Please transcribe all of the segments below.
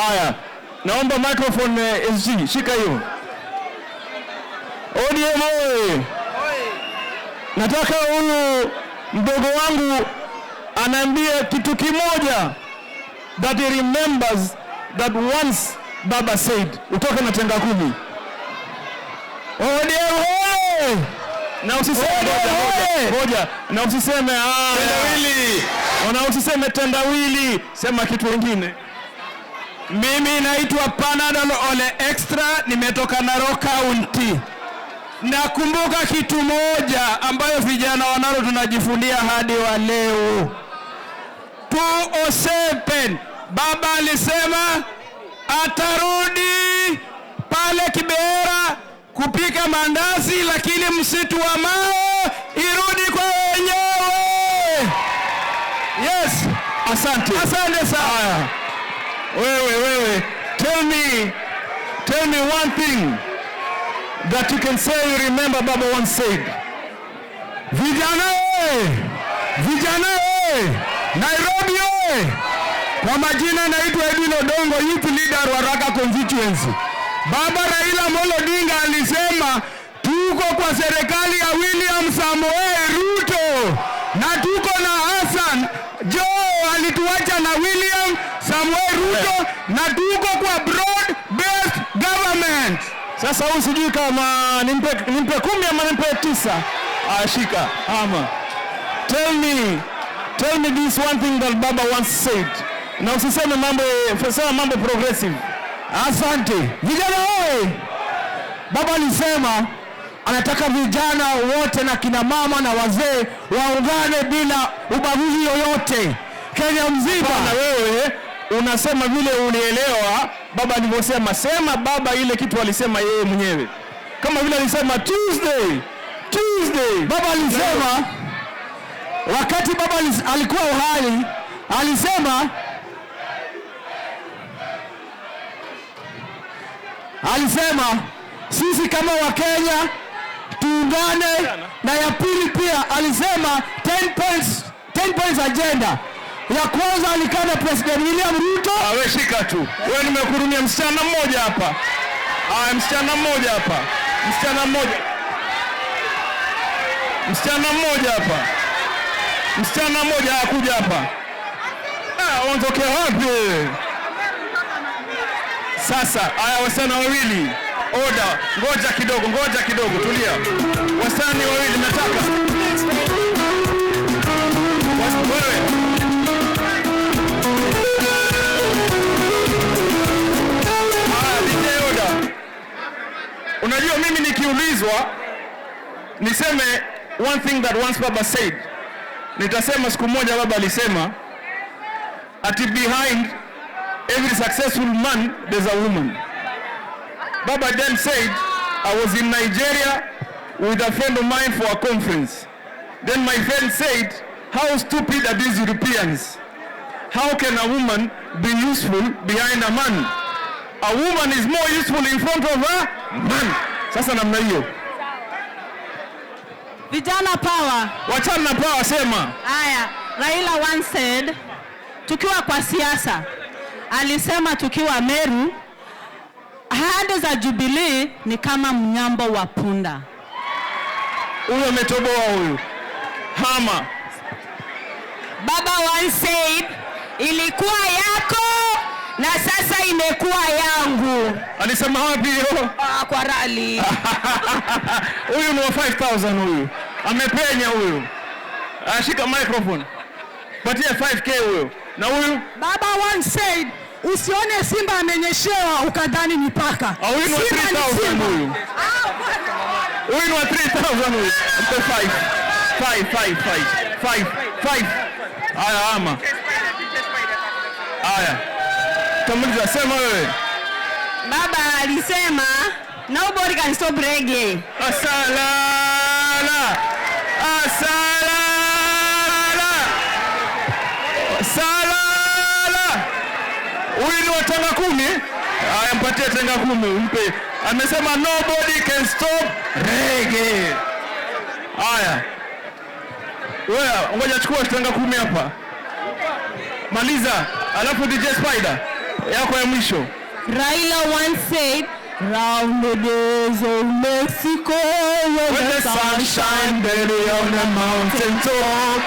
Haya, naomba microphone eh, SG shika hiyo. ODM oye! Nataka huyu mdogo wangu anaambia kitu kimoja that he remembers that once baba said, utoke na tenga kumi. ODM oye! Na usiseme moja, na usiseme ah, tendawili, na usiseme tendawili, sema kitu kingine. Mimi naitwa Panadol Ole Extra, nimetoka Narok County. Nakumbuka kitu moja ambayo vijana wa Narok tunajifundia hadi wa leo. 2007 baba alisema atarudi pale Kibera kupika mandazi, lakini msitu wa Mao irudi kwa wenyewe. Yes, asante, asante sana wewe wewe, tell me tell me one thing that you can say you remember baba once said. Vijana oye! Vijana oye! Nairobi oye! Kwa majina naitwa Edwin Odongo, youth leader wa Raka constituency. Baba Raila Molo Odinga alisema tuko kwa serikali ya William Samoei Ruto na tuko na asa na tuko kwa broad based government. Sasa huyu sijui kama nimpe, nimpe kumi ama nimpe tisa ashika ah, ama tell me tell me this one thing that baba once said, na usiseme mambo sema mambo progressive. Asante vijana woye, baba alisema anataka vijana wote na kina mama na wazee waungane bila ubaguzi yoyote Kenya mzima na wewe unasema vile ulielewa baba alivyosema. Sema baba ile kitu alisema yeye mwenyewe, kama vile alisema Tuesday, Tuesday. Baba alisema wakati baba alikuwa uhai, alisema alisema sisi kama Wakenya tuungane na ya pili pia alisema 10 points, 10 points agenda ya kwanza alikana President William Ruto. Aweshika tu. Wewe nimekurumia msichana mmoja hapa. Ah, msichana mmoja hapa. Msichana mmoja. Msichana mmoja hapa. Msichana mmoja hakuja hapa. Ah, wapi? Sasa haya, wasichana wawili. Oda, ngoja kidogo, ngoja kidogo, tulia. Wasichana wawili nataka hiyo mimi nikiulizwa niseme one thing that once baba said, nitasema siku moja baba alisema ati behind every successful man there's a woman. Baba then said I was in Nigeria with a friend of mine for a conference. Then my friend said, how stupid are these Europeans? How can a woman be useful behind a man? A woman is more useful in front of a man. Sasa namna hiyo vijana power, wachana na power, sema haya. Raila once said, tukiwa kwa siasa alisema, tukiwa Meru ahadi za Jubilee ni kama mnyambo wa punda. Huyo umetoboa huyu hama. Baba once said, ilikuwa yako na sasa imekuwa yangu. Alisema wapi hiyo? Ah, kwa rali huyu ni wa 5000 huyu amepenya huyu, ashika microphone, patia 5k huyo na huyu baba one said Usione simba amenyeshewa ukadhani ni paka. Ah, huyu ni wa 3000 huyu. Ah, huyu ni wa 3000 huyu. 5 5 5 5 5 5. Aya, ama. aya kama sema wewe. Baba alisema nobody can stop reggae. Asalala. Asalala. Salala. Huyu ni watanga kumi? Haya, mpatie tanga kumi mpe. Amesema nobody can stop reggae. Aya. Wewe ngoja chukua tanga kumi hapa. Maliza, alafu DJ Spider. yako ya mwisho. Raila once said Round the days of Mexico when, the, the sun shine daily on the mountain top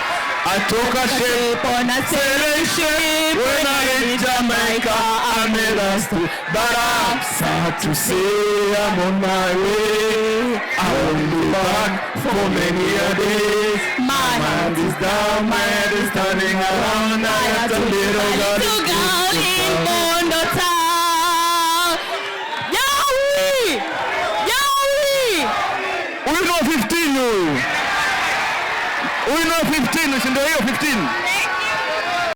I took a ship on a sailing ship When I hit Jamaica I made a stop But I'm sad to say I'm on my way I won't be back for many a day My mind is down, my head is turning around I have to little God in huyu. Huyu ndio 15 si ndio hiyo 15.